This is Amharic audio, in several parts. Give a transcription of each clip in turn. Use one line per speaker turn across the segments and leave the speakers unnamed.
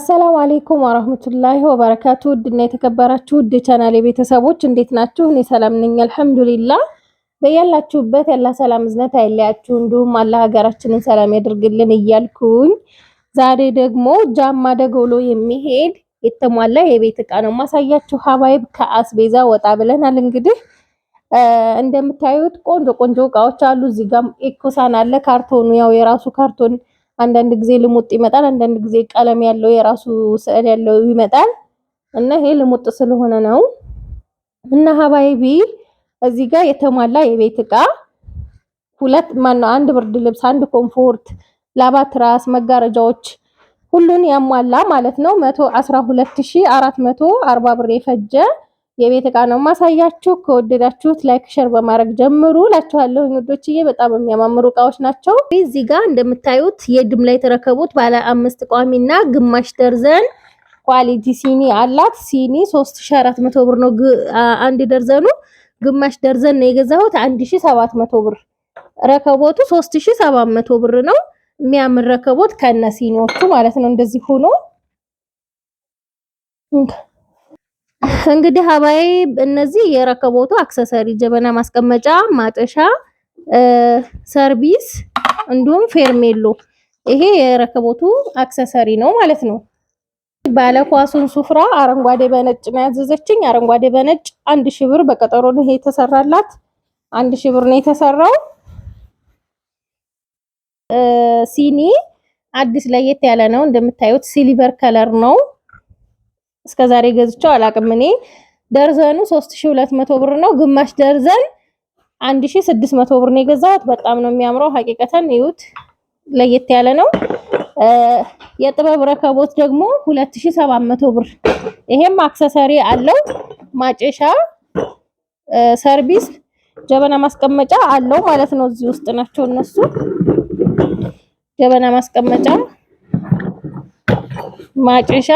አሰላሙ አሌይኩም ወረህመቱላሂ ወበረካቱ ውድና የተከበራችሁ ውድ ቻናል የቤተሰቦች እንዴት ናችሁ? እኔ ሰላም ነኝ አልሐምዱሊላ። በያላችሁበት ያላ ሰላም እዝነት አይለያችሁ፣ እንዲሁም አላ ሀገራችንን ሰላም ያደርግልን እያልኩኝ ዛሬ ደግሞ ጃማ ደጎሎ የሚሄድ የተሟላ የቤት እቃ ነው ማሳያችሁ። ሀባይብ ከአስቤዛ ወጣ ብለናል። እንግዲህ እንደምታዩት ቆንጆ ቆንጆ እቃዎች አሉ። እዚህ ጋም ኤኮሳን አለ። ካርቶኑ ያው የራሱ ካርቶን አንዳንድ ጊዜ ልሙጥ ይመጣል፣ አንዳንድ ጊዜ ቀለም ያለው የራሱ ስዕል ያለው ይመጣል እና ይሄ ልሙጥ ስለሆነ ነው። እና ሀባይቢ እዚህ ጋር የተሟላ የቤት እቃ ሁለት ማነው አንድ ብርድ ልብስ፣ አንድ ኮምፎርት፣ ላባትራስ፣ መጋረጃዎች ሁሉን ያሟላ ማለት ነው። 112440 ብር የፈጀ የቤት እቃ ነው ማሳያችሁ። ከወደዳችሁት ላይክ፣ ሸር በማድረግ ጀምሩ ላችኋለሁ ውዶችዬ። በጣም የሚያማምሩ እቃዎች ናቸው። እዚህ ጋር እንደምታዩት የድም ላይ የተረከቡት ባለ አምስት ቋሚና ግማሽ ደርዘን ኳሊቲ ሲኒ አላት። ሲኒ 3400 ብር ነው አንድ ደርዘኑ። ግማሽ ደርዘን ነው የገዛሁት 1700 ብር። ረከቦቱ 3700 ብር ነው። የሚያምር ረከቦት ከነ ሲኒዎቹ ማለት ነው። እንደዚህ ሆኖ እንግዲህ ሀባይ እነዚህ የረከቦቱ አክሰሰሪ ጀበና ማስቀመጫ፣ ማጠሻ፣ ሰርቪስ እንዲሁም ፌርሜሎ ይሄ የረከቦቱ አክሰሰሪ ነው ማለት ነው። ባለኳሱን ሱፍራ አረንጓዴ በነጭ ነው ያዘዘችኝ። አረንጓዴ በነጭ አንድ ሺህ ብር በቀጠሮ ነው ይሄ የተሰራላት። አንድ ሺህ ብር ነው የተሰራው። ሲኒ አዲስ ለየት ያለ ነው እንደምታዩት ሲሊቨር ከለር ነው። እስከ ዛሬ ገዝቼው አላቅም። እኔ ደርዘኑ 3200 ብር ነው። ግማሽ ደርዘን 1600 ብር ነው የገዛሁት። በጣም ነው የሚያምረው። ሀቂቀተን ይዩት፣ ለየት ያለ ነው። የጥበብ ረከቦት ደግሞ 2700 ብር። ይሄም አክሰሰሪ አለው ማጨሻ፣ ሰርቪስ፣ ጀበና ማስቀመጫ አለው ማለት ነው። እዚህ ውስጥ ናቸው እነሱ። ጀበና ማስቀመጫ፣ ማጨሻ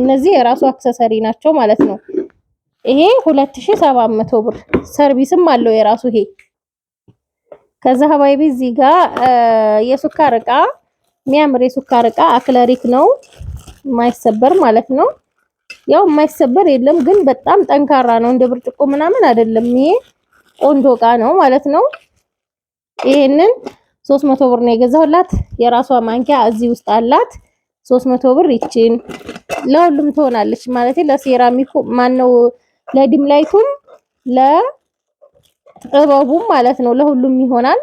እነዚህ የራሱ አክሰሰሪ ናቸው ማለት ነው። ይሄ 2700 ብር ሰርቪስም አለው የራሱ ይሄ። ከዛ ሀባይቢ እዚህ ጋር የሱካር እቃ የሚያምር የሱካር እቃ አክለሪክ ነው የማይሰበር ማለት ነው። ያው የማይሰበር የለም ግን በጣም ጠንካራ ነው። እንደ ብርጭቆ ምናምን አይደለም። ይሄ ቆንጆ እቃ ነው ማለት ነው። ይሄንን 300 ብር ነው የገዛሁላት። የራሷ ማንኪያ እዚህ ውስጥ አላት። ሶስት መቶ ብር ይችን ለሁሉም ትሆናለች ማለት ለሴራሚኩ ማነው ለዲም ላይቱም ለጥበቡም ማለት ነው ለሁሉም ይሆናል።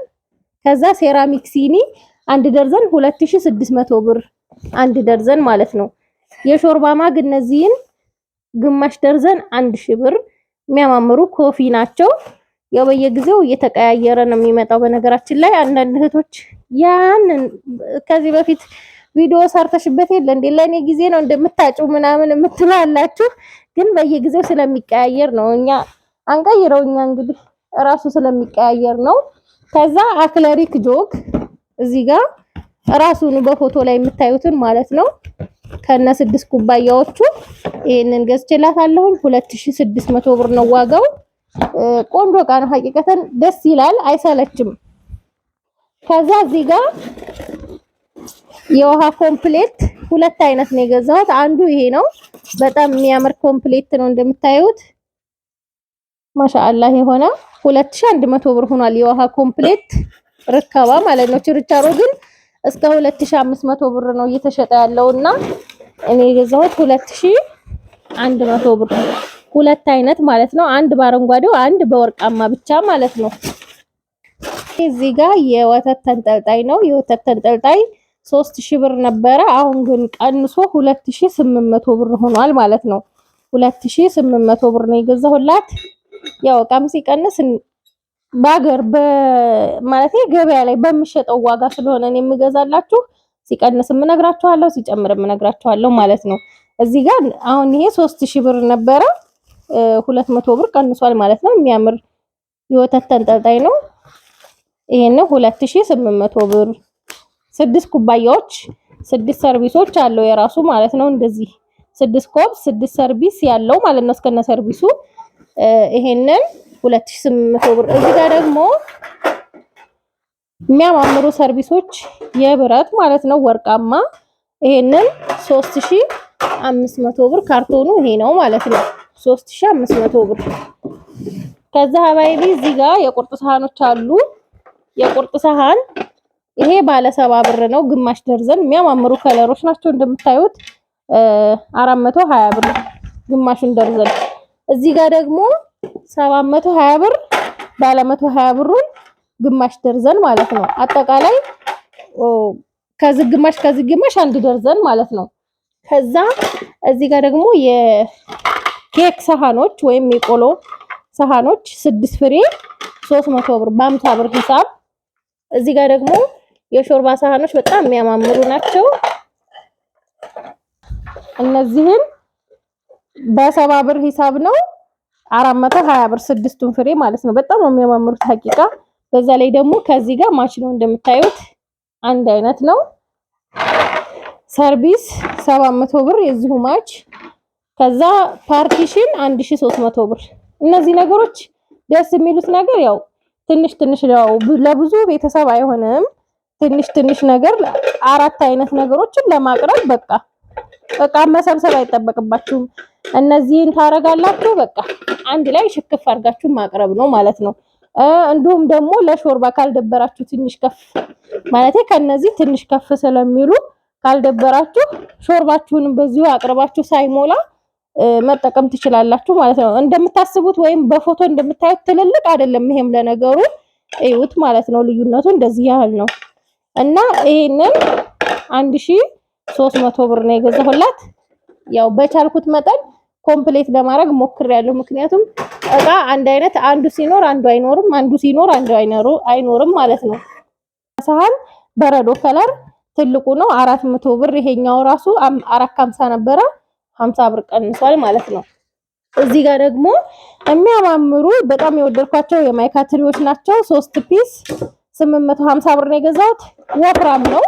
ከዛ ሴራሚክ ሲኒ አንድ ደርዘን 2600 ብር አንድ ደርዘን ማለት ነው። የሾርባ ማግ እነዚህን ግማሽ ደርዘን አንድ ሺህ ብር የሚያማምሩ ኮፊ ናቸው። ያው በየጊዜው እየተቀያየረ ነው የሚመጣው። በነገራችን ላይ አንዳንድ እህቶች ያንን ከዚህ በፊት ቪዲዮ ሰርተሽበት የለ እንዴ? ለእኔ ጊዜ ነው እንደምታጭው ምናምን የምትላላችሁ፣ ግን በየጊዜው ስለሚቀያየር ነው እኛ አንቀይረው። እኛ እንግዲህ እራሱ ስለሚቀያየር ነው። ከዛ አክለሪክ ጆግ እዚህ ጋር ራሱን በፎቶ ላይ የምታዩትን ማለት ነው ከነ ስድስት ኩባያዎቹ ይሄንን ገዝቼላታለሁ። 2600 ብር ነው ዋጋው። ቆንጆ እቃ ነው። ሀቂቀተን ደስ ይላል፣ አይሰለችም። ከዛ እዚህ ጋር የውሃ ኮምፕሌት ሁለት አይነት ነው የገዛሁት። አንዱ ይሄ ነው። በጣም የሚያምር ኮምፕሌት ነው እንደምታዩት ማሻአላህ የሆነ 2100 ብር ሆኗል። የውሃ ኮምፕሌት ርካባ ማለት ነው። ችርቻሮ ግን እስከ 2500 ብር ነው እየተሸጠ ያለውና እኔ የገዛሁት 2100 ብር። ሁለት አይነት ማለት ነው። አንድ በአረንጓዴው አንድ በወርቃማ ብቻ ማለት ነው። እዚህ ጋር የወተት ተንጠልጣይ ነው። የወተት ተንጠልጣይ ሶስት ሺህ ብር ነበረ። አሁን ግን ቀንሶ ሁለት ሺህ ስምንት መቶ ብር ሆኗል ማለት ነው። ሁለት ሺህ ስምንት መቶ ብር ነው የገዛሁላት። ያው እቃም ሲቀንስ በአገር ማለት ገበያ ላይ በምሸጠው ዋጋ ስለሆነ ነው የምገዛላችሁ። ሲቀንስ እነግራችኋለሁ፣ ሲጨምር እነግራችኋለሁ ማለት ነው። እዚህ ጋር አሁን ይሄ ሶስት ሺህ ብር ነበረ ሁለት መቶ ብር ቀንሷል ማለት ነው። የሚያምር የወተት ተንጠልጣይ ነው። ይሄንን ሁለት ሺህ ስምንት መቶ ብር ስድስት ኩባያዎች ስድስት ሰርቪሶች አለው የራሱ ማለት ነው። እንደዚህ ስድስት ኮብ ስድስት ሰርቪስ ያለው ማለት ነው እስከነ ሰርቪሱ ይሄንን 2800 ብር። እዚህ ጋር ደግሞ የሚያማምሩ ሰርቪሶች የብረት ማለት ነው ወርቃማ። ይሄንን 3500 ብር ካርቶኑ ይሄ ነው ማለት ነው 3500 ብር። ከዛ ሀባይቢ እዚህ ጋር የቁርጥ ሰሃኖች አሉ የቁርጥ ሳህን ይሄ ባለ ሰባ ብር ነው። ግማሽ ደርዘን የሚያማምሩ ከለሮች ናቸው እንደምታዩት 420 ብር ግማሹን ደርዘን። እዚህ ጋር ደግሞ 720 ብር ባለ 120 ብሩን ግማሽ ደርዘን ማለት ነው። አጠቃላይ ከዚህ ግማሽ ከዚህ ግማሽ አንድ ደርዘን ማለት ነው። ከዛ እዚህ ጋር ደግሞ የኬክ ሰሃኖች ወይም የቆሎ ሰሃኖች ስድስት ፍሬ 300 ብር በ50 ብር ሂሳብ እዚህ ጋር ደግሞ የሾርባ ሳህኖች በጣም የሚያማምሩ ናቸው። እነዚህን በሰባ ብር ሂሳብ ነው 420 ብር ስድስቱን ፍሬ ማለት ነው። በጣም የሚያማምሩት ሀቂቃ። በዛ ላይ ደግሞ ከዚህ ጋር ማች ነው እንደምታዩት አንድ አይነት ነው። ሰርቪስ 700 ብር የዚሁ ማች። ከዛ ፓርቲሽን 1300 ብር። እነዚህ ነገሮች ደስ የሚሉት ነገር ያው ትንሽ ትንሽ ነው፣ ለብዙ ቤተሰብ አይሆንም። ትንሽ ትንሽ ነገር አራት አይነት ነገሮችን ለማቅረብ በቃ በቃ መሰብሰብ አይጠበቅባችሁም። እነዚህን ታረጋላችሁ። በቃ አንድ ላይ ሽክፍ አድርጋችሁ ማቅረብ ነው ማለት ነው። እንዲሁም ደግሞ ለሾርባ ካልደበራችሁ ትንሽ ከፍ ማለት ከነዚህ ትንሽ ከፍ ስለሚሉ ካልደበራችሁ ሾርባችሁንም በዚሁ አቅርባችሁ ሳይሞላ መጠቀም ትችላላችሁ ማለት ነው። እንደምታስቡት ወይም በፎቶ እንደምታዩት ትልልቅ አይደለም። ይሄም ለነገሩ እዩት ማለት ነው። ልዩነቱ እንደዚህ ያህል ነው። እና ይሄንን አንድ ሺ ሶስት መቶ ብር ነው የገዛሁላት። ያው በቻልኩት መጠን ኮምፕሌት ለማድረግ ሞክሬያለሁ። ምክንያቱም እቃ አንድ አይነት አንዱ ሲኖር አንዱ አይኖርም፣ አንዱ ሲኖር አንዱ አይኖርም ማለት ነው። ሳህን በረዶ ከለር ትልቁ ነው አራት መቶ ብር። ይሄኛው ራሱ አራት ከሀምሳ ነበረ ሀምሳ ብር ቀንሷል ማለት ነው። እዚህ ጋር ደግሞ የሚያማምሩ በጣም የወደድኳቸው የማይካ ትሪዎች ናቸው ሶስት ፒስ ስምንት መቶ ሀምሳ ብር ነው የገዛሁት። ወፍራም ነው፣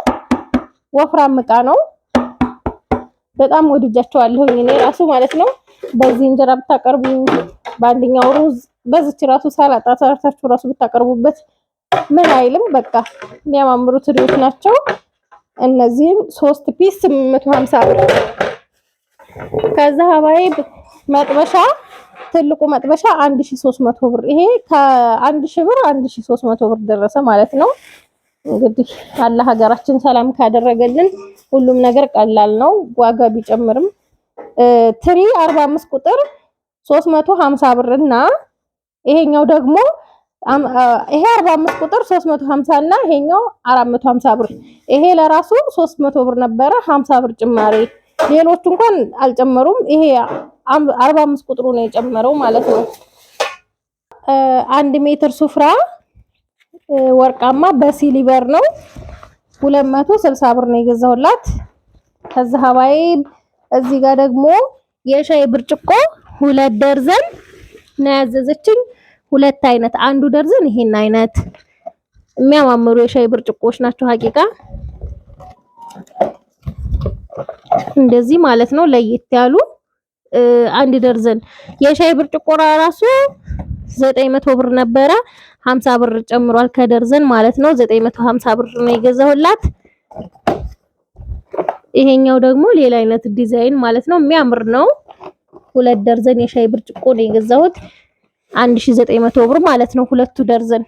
ወፍራም እቃ ነው። በጣም ወድጃቸዋለሁኝ እኔ ራሱ ማለት ነው። በዚህ እንጀራ ብታቀርቡ፣ በአንደኛው ሩዝ፣ በዚች ራሱ ሰላጣ ሰርታችሁ ራሱ ብታቀርቡበት ምን አይልም። በቃ የሚያማምሩ ትሪዎች ናቸው። እነዚህም ሶስት ፒስ 850 ብር። ከዛ ሀባይ መጥበሻ ትልቁ መጥበሻ 1300 ብር። ይሄ ከ1000 ብር 1300 ብር ደረሰ ማለት ነው። እንግዲህ አላህ ሀገራችን ሰላም ካደረገልን ሁሉም ነገር ቀላል ነው። ዋጋ ቢጨምርም ትሪ 45 ቁጥር 350 ብር እና ይሄኛው ደግሞ ይሄ 45 ቁጥር 350 እና ይሄኛው 450 ብር። ይሄ ለራሱ 300 ብር ነበረ 50 ብር ጭማሪ። ሌሎቹ እንኳን አልጨመሩም። ይሄ አርባ አምስት ቁጥሩ ነው የጨመረው ማለት ነው። አንድ ሜትር ሱፍራ ወርቃማ በሲሊቨር ነው ሁለት መቶ ስልሳ ብር ነው የገዛሁላት። ከዛ ሀባይ እዚህ ጋር ደግሞ የሻይ ብርጭቆ ሁለት ደርዘን ነው ያዘዘችኝ። ሁለት አይነት አንዱ ደርዘን ይሄን አይነት የሚያማምሩ የሻይ ብርጭቆዎች ናቸው። ሀቂቃ እንደዚህ ማለት ነው ለየት ያሉ አንድ ደርዘን የሻይ ብርጭቆ ራሱ 900 ብር ነበረ። 50 ብር ጨምሯል ከደርዘን ማለት ነው። 950 ብር ነው የገዛሁላት። ይሄኛው ደግሞ ሌላ አይነት ዲዛይን ማለት ነው። የሚያምር ነው። ሁለት ደርዘን የሻይ ብርጭቆ ነው የገዛሁት 1900 ብር ማለት ነው። ሁለቱ ደርዘን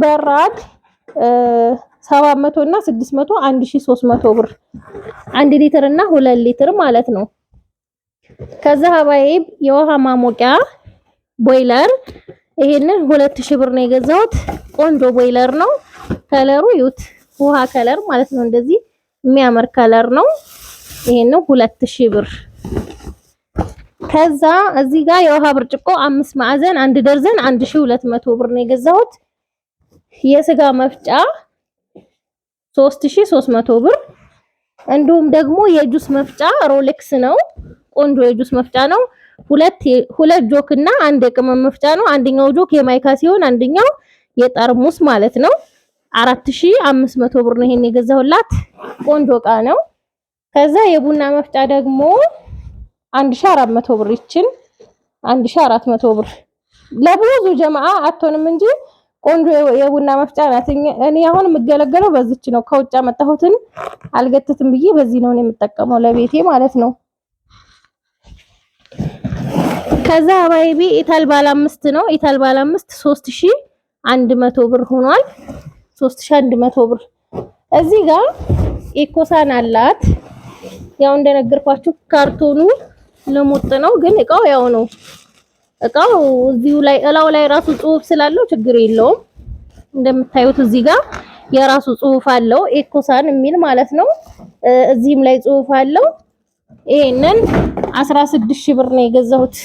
በራድ 700 እና 600 1300 ብር 1 ሊትር እና 2 ሊትር ማለት ነው። ከዛ ሀባዬ የውሃ ማሞቂያ ቦይለር ይሄንን ሁለት ሺህ ብር ነው የገዛሁት። ቆንጆ ቦይለር ነው። ከለሩ ዩት ውሃ ከለር ማለት ነው። እንደዚህ የሚያምር ከለር ነው። ይሄንን ሁለት ሺህ ብር። ከዛ እዚህ ጋር የውሃ ብርጭቆ አምስት ማዕዘን አንድ ደርዘን አንድ ሺህ ሁለት መቶ ብር ነው የገዛሁት። የስጋ መፍጫ ሶስት ሺህ ሶስት መቶ ብር። እንዲሁም ደግሞ የጁስ መፍጫ ሮሌክስ ነው ቆንጆ የጁስ መፍጫ ነው። ሁለት ሁለት ጆክ እና አንድ የቅመም መፍጫ ነው። አንደኛው ጆክ የማይካ ሲሆን አንደኛው የጠርሙስ ማለት ነው። 4500 ብር ነው ይሄን የገዛሁላት። ቆንጆ እቃ ነው። ከዛ የቡና መፍጫ ደግሞ 1400 ብር ይችን 1400 ብር ለብዙ ጀማአ አትሆንም እንጂ ቆንጆ የቡና መፍጫ ናት። እኔ አሁን የምገለገለው በዚች ነው። ከውጭ መጣሁትን አልገትትም ብዬ በዚህ ነው የምጠቀመው ለቤቴ ማለት ነው። ከዛ አባይቢ ኢታል ባለ አምስት ነው። ኢታል ባለ አምስት 3100 ብር ሆኗል። 3100 ብር እዚህ ጋር ኢኮሳን አላት። ያው እንደነገርኳችሁ ካርቶኑ ለሞጥ ነው፣ ግን እቃው ያው ነው። እቃው እዚሁ ላይ እላው ላይ ራሱ ጽሁፍ ስላለው ችግር የለውም። እንደምታዩት እዚህ ጋር የራሱ ጽሁፍ አለው ኤኮሳን የሚል ማለት ነው። እዚህም ላይ ጽሁፍ አለው። ይሄንን 16 ሺህ ብር ነው የገዛሁት።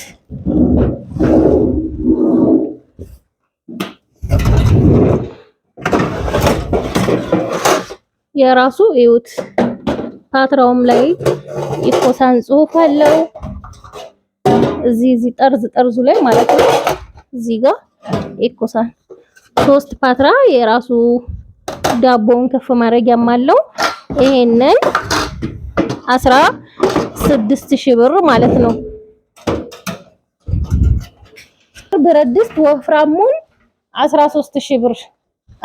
የራሱ እዩት ፓትራውም ላይ የኮሳን ጽሁፍ አለው። እዚህ እዚህ ጠርዝ ጠርዙ ላይ ማለት ነው። እዚህ ጋር ኢኮሳን ሶስት ፓትራ የራሱ ዳቦውን ከፍ ማድረጊያም አለው። ይሄንን አስራ ስድስት ሺህ ብር ማለት ነው። ብረት ድስት ወፍራሙን 13000 ብር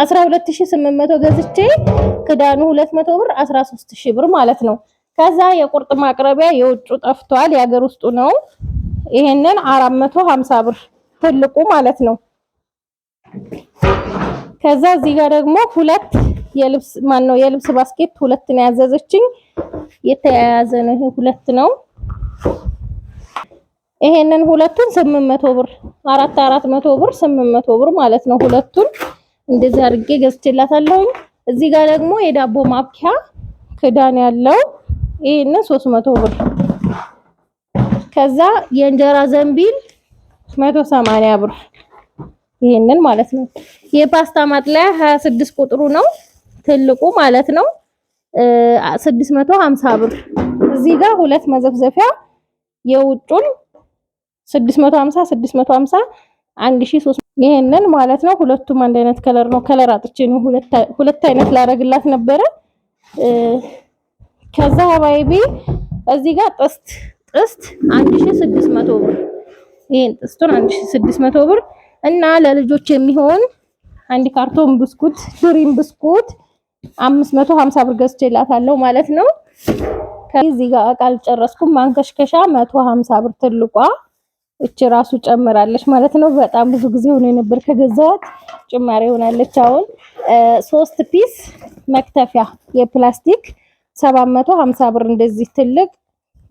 12800 ገዝቼ ክዳኑ 200 ብር 13000 ብር ማለት ነው። ከዛ የቁርጥ ማቅረቢያ የውጩ ጠፍቷል፣ የሀገር ውስጡ ነው። ይሄንን 450 ብር ትልቁ ማለት ነው። ከዛ እዚህ ጋር ደግሞ ሁለት የልብስ ማን ነው የልብስ ባስኬት ሁለት ነው ያዘዘችኝ። የተያያዘ ነው። ሁለት ነው። ይሄንን ሁለቱን 800 ብር አራት አራት መቶ ብር 800 ብር ማለት ነው። ሁለቱን እንደዚህ አድርጌ ገዝቼላታለሁ። እዚህ ጋር ደግሞ የዳቦ ማብኪያ ክዳን ያለው ይሄንን 300 ብር። ከዛ የእንጀራ ዘንቢል 180 ብር ይሄንን ማለት ነው። የፓስታ ማጥለያ 26 ቁጥሩ ነው ትልቁ ማለት ነው 650 ብር። እዚህ ጋር ሁለት መዘፍዘፊያ የውጩን 650 650 1300 ይሄንን ማለት ነው። ሁለቱም አንድ አይነት ከለር ነው። ከለር አጥቼ ነው ሁለት ሁለት አይነት ላረግላት ነበረ። ከዛ ባይቢ እዚህ ጋር ጥስት ጥስት 1600 ብር ይሄን ጥስቱን 1600 ብር እና ለልጆች የሚሆን አንድ ካርቶን ብስኩት ድሪም ብስኩት 550 ብር ገዝቼላታለሁ ማለት ነው። ከዚህ ጋር እቃ አልጨረስኩም። ማንከሽከሻ 150 ብር ትልቋ እች ራሱ ጨምራለች ማለት ነው። በጣም ብዙ ጊዜ ሆኖ ነበር ከገዛዋት ጭማሪ ሆናለች። አሁን ሶስት ፒስ መክተፊያ የፕላስቲክ 750 ብር እንደዚህ ትልቅ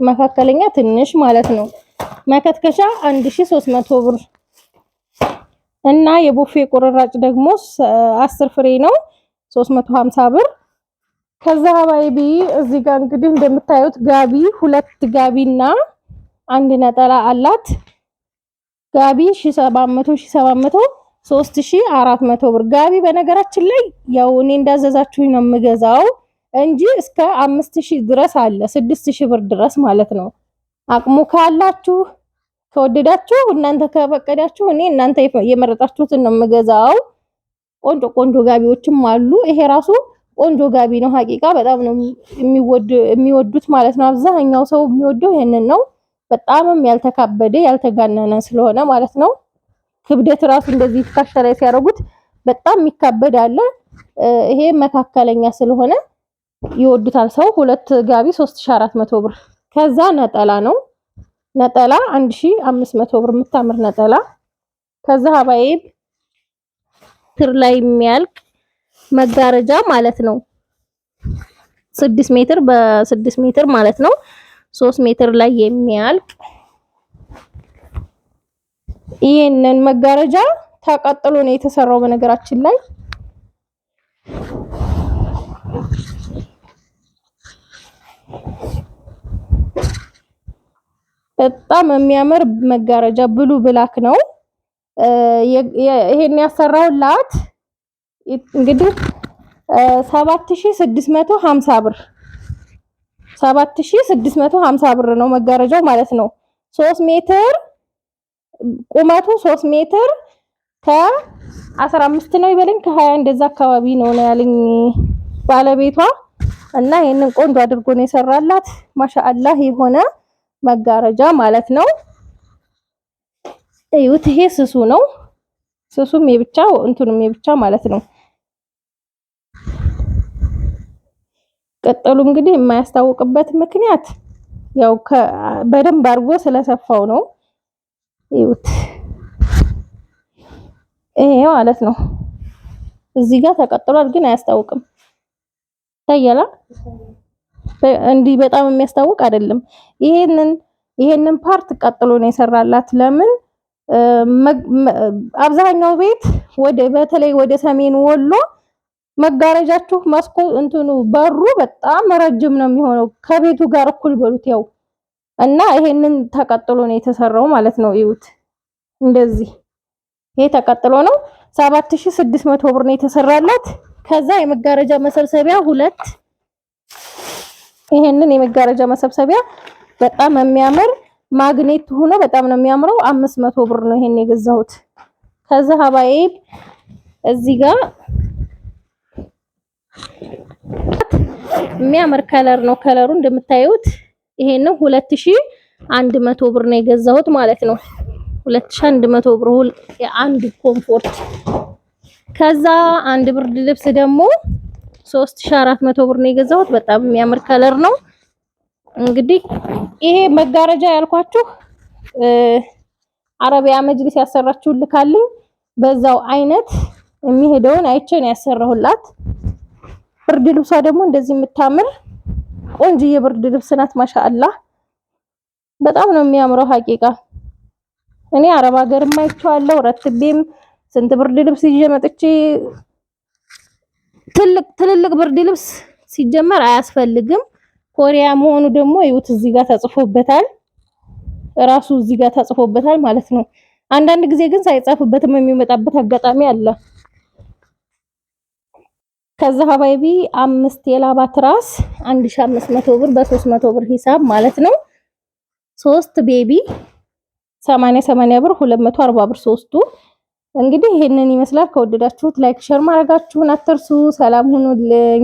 መካከለኛ፣ ትንሽ ማለት ነው። መከትከሻ 1300 ብር እና የቡፌ ቁርራጭ ደግሞ 10 ፍሬ ነው 350 ብር። ከዛ ባይቢ እዚህ ጋር እንግዲህ እንደምታዩት ጋቢ ሁለት ጋቢና አንድ ነጠላ አላት። ጋቢ 1700 700 3400 ብር ጋቢ። በነገራችን ላይ ያው እኔ እንዳዘዛችሁኝ ነው የምገዛው እንጂ እስከ 5000 ድረስ አለ 6000 ብር ድረስ ማለት ነው። አቅሙ ካላችሁ ከወደዳችሁ እናንተ ከፈቀዳችሁ እኔ እናንተ የመረጣችሁትን ነው የምገዛው። ቆንጆ ቆንጆ ጋቢዎችም አሉ። ይሄ ራሱ ቆንጆ ጋቢ ነው። ሀቂቃ በጣም ነው የሚወዱት ማለት ነው። አብዛኛው ሰው የሚወደው ይሄንን ነው። በጣምም ያልተካበደ ያልተጋነነ ስለሆነ ማለት ነው። ክብደት ራሱ እንደዚህ ትከሻ ላይ ሲያደርጉት በጣም የሚካበድ አለ። ይሄ መካከለኛ ስለሆነ ይወዱታል። ሰው ሁለት ጋቢ 3400 ብር። ከዛ ነጠላ ነው። ነጠላ 1500 ብር የምታምር ነጠላ። ከዛ ሀባዬ ትር ላይ የሚያልቅ መጋረጃ ማለት ነው። 6 ሜትር በ6 ሜትር ማለት ነው። ሶስት ሜትር ላይ የሚያልቅ ይሄንን መጋረጃ ተቀጥሎ ነው የተሰራው። በነገራችን ላይ በጣም የሚያምር መጋረጃ ብሉ ብላክ ነው። ይሄን ያሰራው ላት እንግዲህ 7650 ብር ሰባት ብር ነው መጋረጃው ማለት ነው። 3 ሜትር ቁመቱ ሶስት ሜትር ከ 15 ነው ከ20 እንደዛ አካባቢ ነው ነው ያለኝ ባለቤቷ እና ይህንን ቆንጆ አድርጎ ነው የሰራላት። ማሻአላህ የሆነ መጋረጃ ማለት ነው። እዩት፣ ይሄ ስሱ ነው። ስሱም የብቻ እንትኑም የብቻ ማለት ነው። ቅጠሉ እንግዲህ የማያስታውቅበት ምክንያት ያው በደንብ አድርጎ ስለሰፋው ነው። ይውት ይሄ ማለት ነው። እዚህ ጋር ተቀጥሏል፣ ግን አያስታውቅም። ታየላ እንዲህ በጣም የሚያስታውቅ አይደለም። ይሄንን ይሄንን ፓርት ቀጥሎ ነው የሰራላት። ለምን አብዛኛው ቤት ወደ በተለይ ወደ ሰሜን ወሎ መጋረጃችሁ መስኮ እንትኑ በሩ በጣም ረጅም ነው የሚሆነው ከቤቱ ጋር እኩል በሉት ያው እና ይሄንን ተቀጥሎ ነው የተሰራው ማለት ነው። እዩት እንደዚህ ይሄ ተቀጥሎ ነው 7600 ብር ነው የተሰራላት። ከዛ የመጋረጃ መሰብሰቢያ ሁለት ይሄንን የመጋረጃ መሰብሰቢያ በጣም የሚያምር ማግኔት ሆኖ በጣም ነው የሚያምረው። 500 ብር ነው ይሄን የገዛሁት። ከዛ ሀባዬ እዚህ ጋር የሚያምር ከለር ነው። ከለሩ እንደምታዩት ይሄንን ሁለት ሺህ አንድ መቶ ብር ነው የገዛሁት ማለት ነው። ሁለት ሺህ አንድ መቶ ብር የአንድ ኮምፎርት። ከዛ አንድ ብርድ ልብስ ደግሞ ሶስት ሺህ አራት መቶ ብር ነው የገዛሁት። በጣም የሚያምር ከለር ነው። እንግዲህ ይሄ መጋረጃ ያልኳችሁ አረቢያ መጅሊስ ያሰራችሁልካልኝ በዛው አይነት የሚሄደውን አይቼ ነው ያሰራሁላት። ብርድ ልብሷ ደግሞ እንደዚህ የምታምር ቆንጆ የብርድ ልብስ ናት። ማሻአላህ በጣም ነው የሚያምረው። ሀቂቃ እኔ አረብ ሀገርም አይቼዋለሁ። ረትቤም ስንት ብርድ ልብስ ይዤ መጥቼ ትልቅ ትልልቅ ብርድ ልብስ ሲጀመር አያስፈልግም። ኮሪያ መሆኑ ደግሞ ይውት እዚህ ጋር ተጽፎበታል። ራሱ እዚህ ጋር ተጽፎበታል ማለት ነው። አንዳንድ ጊዜ ግን ሳይጻፍበትም የሚመጣበት አጋጣሚ አለ። ከዛ ሀባይቢ አምስት የላባ ትራስ 1500 ብር በ300 ብር ሂሳብ ማለት ነው። ሶስት ቤቢ 80 80 ብር 240 ብር ሶስቱ። እንግዲህ ይሄንን ይመስላል። ከወደዳችሁት ላይክ ሼር ማድረጋችሁን አትርሱ። ሰላም ሁኑልኝ።